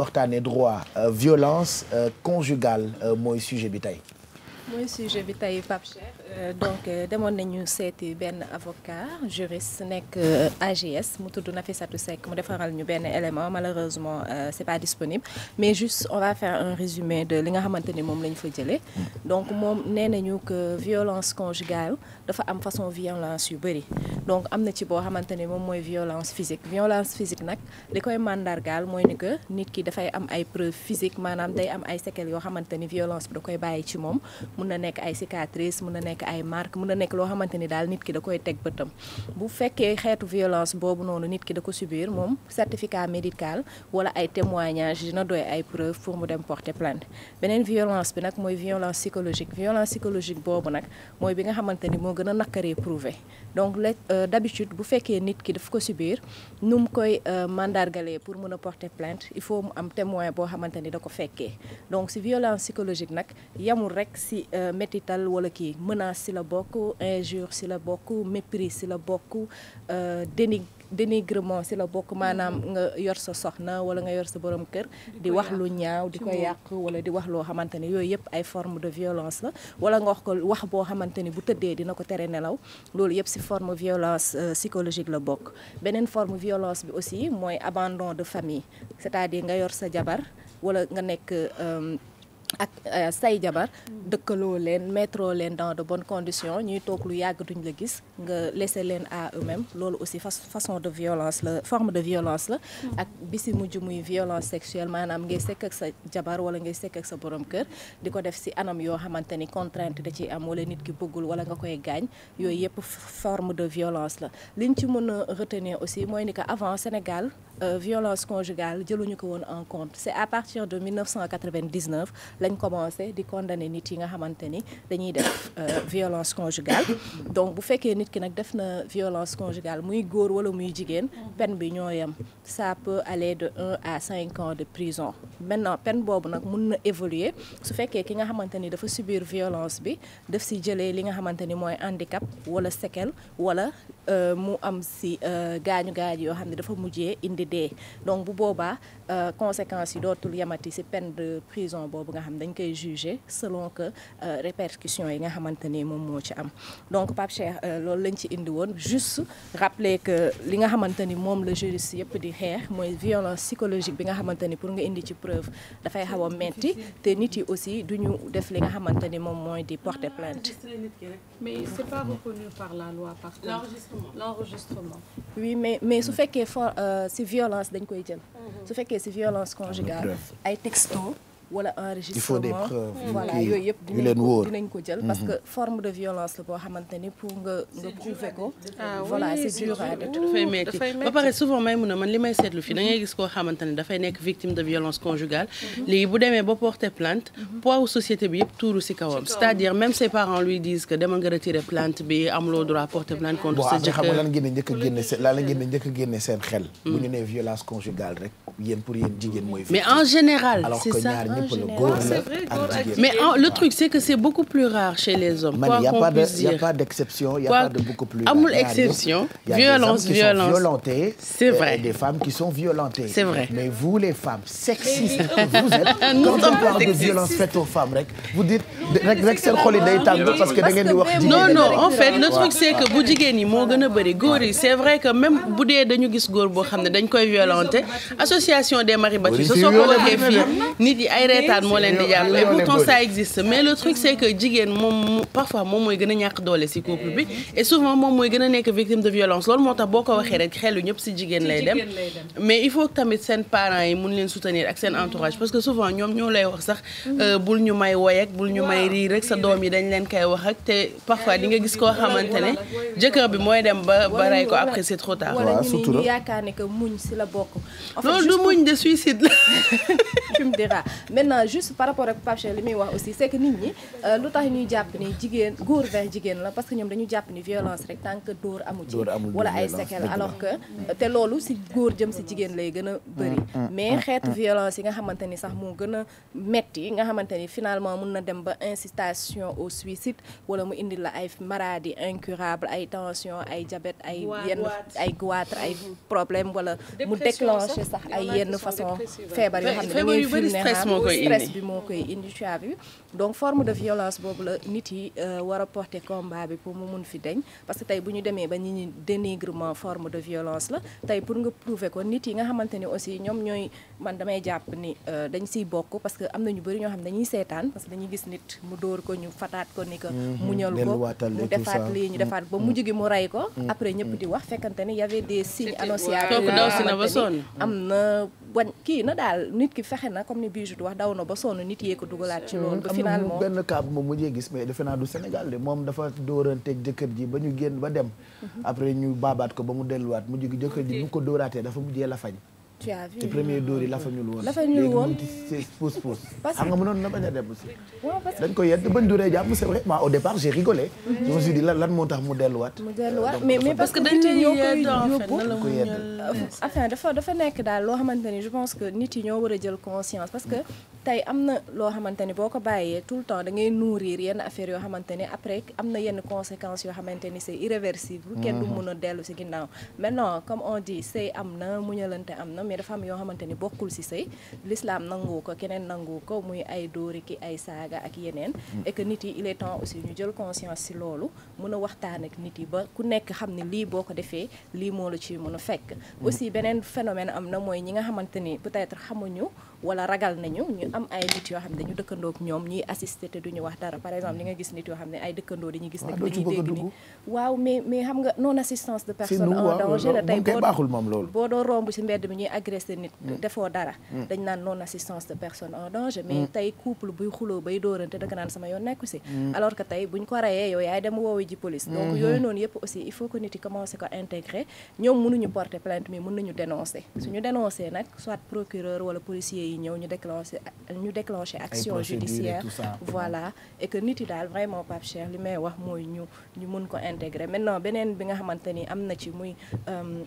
waxtaanee droit euh, violence euh, conjugale euh, mooy sujet bi tey mooy sujet bi tey Pape Cheikh euh, donc euh, demoon nañu seeti benn avocat juriste nekk euh, AGS mu tudd Nafissatou Seck mu defaral ñu benn élément malheureusement c'est pas disponible mais juste on va faire un résumé de li nga xamante ni moom la ñu fa jëlee donc moom nee ñu que violence conjugale dafa am façon violence yu bëri donc am na ci boo xamante ni moom mooy violence physique violence physique nag li koy màndargaal mooy ni que nit ki dafay am ay preuves physiques maanaam day am ay séquelles yoo xamante ni violence bi koy bàyyi ci moom mun na nekk ay cicatrices mun na nekk ay marques mun na nekk loo xamante ni daal nit ki da koy teg bëtam bu fekkee xeetu violence boobu noonu nit ki da ko subir moom certificat médical wala ay témoignage dina doy ay preuve pour mu dem porter plainte beneen violence bi nag mooy violence psychologique violence psychologique boobu nag mooy bi nga xamante ni moo gën a nakkaree prouver donc euh, d'habitude bu fekkee nit ki daf ko subir nu mu koy euh, mandargalee pour mun a porter plainte il faut mu am témoin boo xamante ni da ko fekkee donc si violence psychologique nag yamul rek si ci euh, métital wala kii menace si la bokk injure si la bokk mépris si la bokk euh, déni dénigrement si la bokk maanaam nga yor sa soxna wala nga yor sa borom kër di wax lu ñaaw di ko yàq wala di wax loo xamante ne yooyu yëpp ay forme de violence la wala nga wax ko wax boo xamante ni bu tëddee dina ko tere nelaw loolu yëpp si forme violence euh, psychologique la bokk beneen forme violence bi aussi mooy abandon de famille c'est-à-dire nga yor sa jabar wala nga nekk ak euh, say jabar dëkkaloo leen metro leen dans de bonne condition ñuy toog lu yàgg duñ la gis nga laisser leen à eux-mêmes loolu aussi façon de violence la forme de violence la mm. ak bi si mujj muy violence sexuelle maanaam ngay sekk ak sa jabar wala ngay sekk ak sa borom kër di ko def si anam yoo xamante ni contrainte da ciy am wala nit ki bëggul wala nga koy gaañ yooyu yëpp forme de violence la li liñ ci mën a retenir aussi mooy ni que avant Sénégal Euh, violence conjugale jëluñu ko woon en compte c'est à partir de 1999 lañ commencé di condamner nit yi nga xamante ni dañuy def euh, violence conjugale donc bu fekkee nit ki nag def na violence conjugale muy góor wala muy jigéen peine bi ñoo yem ça peut aller de un à cinq ans de prison maintenant peine boobu nag mun na évoluer su fekkee ki nga xamante ni dafa subir violence bi def si jëlee li nga xamante ni mooy handicap wala séquelle wala euh, mu am si gaañu gaañu yoo xam ne dafa mujjee indi bëgg dee donc bu boobaa euh, conséquences yi dootul yamati ci peine de prison boobu nga xam dañ koy juger selon que euh, répercussions yi nga xamante ni moom moo ci am donc Pape Cheikh euh, loolu lañ ci indi woon juste rappeler que li nga xamante ni moom la juriste yëpp di xeex mooy violence psychologique bi nga xamante ni pour nga indi ci preuve dafay xaw a metti te nit yi aussi duñu def li nga xamante ni moom mooy di porter plainte mais c'est la mais su fekkee for violence dañ koy jël. Mhm. su fekkee ci violence conjugale ay texto wala enregistrement il faut des yëpp dinañ ko dinañ ko jël mhm. parce que forme de violence la boo xamante pour nga nga prouver ko ah voilà c'est dur à pare souvent may mun a man li may seetlu fii da ngay gis koo xamante ne dafay nekk victime de violence conjugale mhm. léegi bu demee ba porter plainte mhm. poids wu société bi yëpp tuuru si kawam c'est-à-dire même ses parents lui disent que demal nga retirer plainte bi amuloo droit porter plainte contre sa jëkkër xam nga lan ngeen njëkk a génne seen lan ngeen njëkk a génne seen xel violence conjugale rek yéen mais en général c'est ça ñëpp la góor la ak jigéen mais le truc c'est que c'est beaucoup plus rare chez les hommes. quoi qu'on puisse dire man y a pas de y a pas d'exception y a pas de beaucoup plus. amul exception violence violence c'est vrai des femmes qui sont violentées. c'est vrai mais vous les femmes sexistes vous êtes. quand on parle de violence faite aux femmes rek vous dites rek rek seen xol yi day tàng parce que da ngeen di wax. non non en fait le truc c'est que bu jigéen ñi moo gën a bëri góor yi c'est vrai que même bu dee dañu gis góor boo xam ne dañ koy violenter association des maris battus. soo ko waxee fii nit yi ay ay reetaan moo leen di jàpp et pourtant ça mais le truc c'est que jigéen moom moom mooy gën a ñàkk doole ci couple bi et souvent moom mooy gën a nekk victime de violence loolu moo tax boo ko waxee rek xelu ñëpp ci jigéen lay dem mais il faut que tamit seen parents yi mun leen soutenir ak seen entourage parce que souvent ñoom ñoo lay wax sax mm-hmm. euh, bul ñu may woy ak bul ñu may rii rek sa doom yi dañ leen koy wax ak te parfois di nga gis koo xamante ne jëkkër bi mooy dem ba ba ko après c'est trop tard. wala ñu yaakaar ne que muñ ci la bokk. tu me maintenant juste par rapport ak Pape li muy wax aussi c'est que nit ñi euh, lu tax ñuy jàpp ni jigéen góor vers jigéen la parce que ñoom dañu jàpp ni violence rek tant que dóor amu ci wala ay séquelles alors que te loolu si góor jëm si jigéen lay gën a bëri mm, mm, mais mm, xeet violence yi nga xamante ni sax moo gën a yi nga xamante ni finalement mun na dem ba incitation au suicide wala mu indi la ay maladie incurable ay tension ay jabet ay yenn ay goitre ay mm-hmm. problème wala mu déclencher sax ay yenn façon feebar yoo xam ne dañuy fi ne stress bi moo koy indi tu as vu donc forme de violence boobu la nit yi euh, war a porter combat bi pour mu mun fi deñ parce que tey bu ñu demee ba nit ñi dénigrement forme de violence la tey pour nga prouver ko nit yi nga xamante ne aussi ñoom ñooy man damay jàpp ni euh, dañ si bokk parce que am na ñu bëri ñoo xam ne dañuy seetaan parce que dañuy gis nit mu dóor ko ñu fataat ko ni que muñal ko mhm. mu defaat lii ñu defaat ba mujj mhm. gi mu rey ko mhm. après ñëpp di wax fekkante ni y avait des signes annonciables am na wañ kii na nit ki fexe na comme ni Bijou di daw na ba sonn nit yee ko dugalaat ci loolu ba finalement benn cas bu moom naa du moom dafa dóoranteeg jëkkër ji ba ñu génn ba dem après ñu baabaat ko ba mu delluwaat mujj gi jëkkër ji bu ko dóoraatee dafa mujjee la fañ tu as vu ci premier dóor yi lafa ñuul woon. lafa ñuul woon léegi mu ngi pousse pousse. parce que xam nga mënoon na bañ a dem aussi. waaw parce que dañ ko yedd bañ duree jàpp c'est vrai moi au départ j'ai rigolé. je me suis dit lan lan moo tax mu delluwaat. mu delluwaat mais mais parce que dañ lay yedd dañ koy yedd. enfin dafa dafa nekk daal loo xamante ni je pense que nit yi ñoo war a jël conscience parce que tey am na loo xamante ni boo ko bàyyee tout le temps da ngay nourrir yenn affaires yoo xamante ni après am na yenn conséquences yoo xamante ni c'est irréversible. kenn du mhm. mun a dellu si ginnaaw maintenant comme on dit sëy am na muñalante am na ne dafa am yoo xamante ni bokkul ci sëy lislaam nangu ko keneen nangu ko muy ay dóori ki ay saaga ak yeneen mm. et nit yi il est temps aussi ñu jël conscience ci loolu mën a waxtaan ak nit yi ba ku nekk xam ne lii boo ko defee lii moo la ciy mën a fekk mm. aussi beneen phénomène am na mooy ñi nga xamante ni peut-être xamuñu wala ragal nañu ñu am ay nit yoo xam ne dañu dëkkandook ñoom ñuy assister te duñu wax dara par exemple li nga gis nit yoo xam ne ay dëkkandoo dañuy gis ah, nag dañuy dégg ni waaw doo romb ci mbedd mi ñuy agressé nit mm. defoo dara mm. dañ naan non assistance de personne en danger mais mm. tey couple buy xuloo bay dóorante danga naan sama yoon nekku si alors que tey buñ ko rayee yow yaay dem woowi ji police donc mm-hmm. yooyu noonu yëpp aussi il faut que nit yi commencé ko intégrer ñoom mënuñu porter plainte yi ñëw ñu déclenché ñu déclenché action judiciaire voilà et que nit yi daal vraiment Pape Cheikh li may wax mooy ñu ñu mun ko intégrer maintenant beneen bi nga xamante ni am na ci muy euh,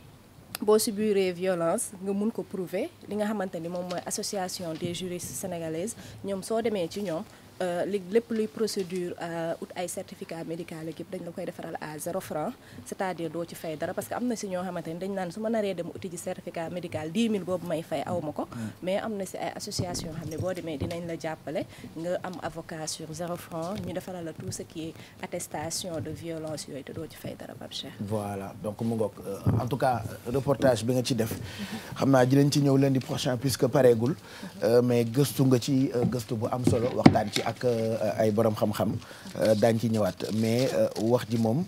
boo si subiree violence nga mun ko prouver li nga xamante ni moom mooy association des juristes sénégalaises ñoom soo demee ci ñoom Euh, léegi lépp luy procédure euh, ut ay certificat médical ak yëpp dañ la koy defaral à zéro franc cest à doo ci fay dara parce que am na si ñoo xamante ni dañ naan su ma naree dem uti ji certificat médical 10 000 boobu may aw ma ko mm. mais am na si ay association xam ne boo demee dinañ la jàppale nga am avocat sur zéro franc ñu defaral la tout ce qui attestation de violence yooyu te doo ci fay dara Pape Cheikh voilà donc mu ngoog euh, en tout cas reportage bi nga ci def xam naa dinañ ci ñëw leen lundi prochain puisque pareegul mm-hmm. mais gëstu nga ci gëstu bu am solo waxtaan ci ak euh, ay borom xam-xam euh, daañ ci ñëwaat mais euh, wax ji moom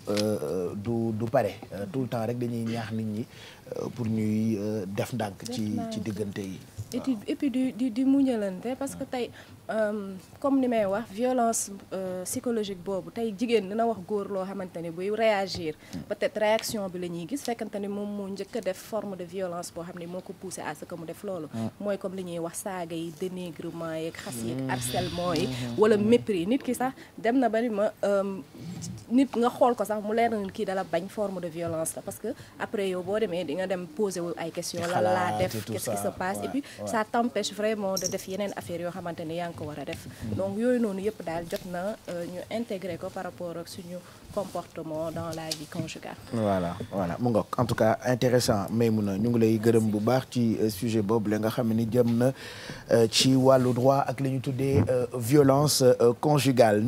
du du pare tout le temps rek dañuy ñaax nit ñi Euh, pour ñuy euh, def ndànk ci ci diggante yi. et di di di muñalante parce que tey euh, comme ni may wax violence psychologique boobu tey jigéen dina wax góor loo xamante ne buy réagir hmm. peut-être réaction bi la ñuy gis fekkante ni moom moo njëkk def forme de violence boo xam ne moo ko poussé à ce que mu def loolu. Hmm. mooy comme li ñuy wax saaga yi dénigrement yeeg xas yeeg hmm. harcèlement yi wala mépris nit ki sax dem na bari ma nit nga xool ko sax mu leer kii dala bañ forme de violence la parce que après yow boo demee di nga dem poser wu ay question la laa def qu'est-ce qui se passe et puis ça t'empêche vraiment de def yeneen affaire yoo xamante ne yaa ngi ko war def mm-hmm. donc yooyu noonu yëpp daal jot na euh, ñu intégrer ko par rapport ak suñu comportement dans la vie conjugale. voilà voilà mu ngoog en tout cas intéressant Maimouna ñu ngi lay gërëm bu baax ci euh, sujet boobu la nga xam ni jëm na euh, ci wàllu droit ak li ñu tuddee violence conjugale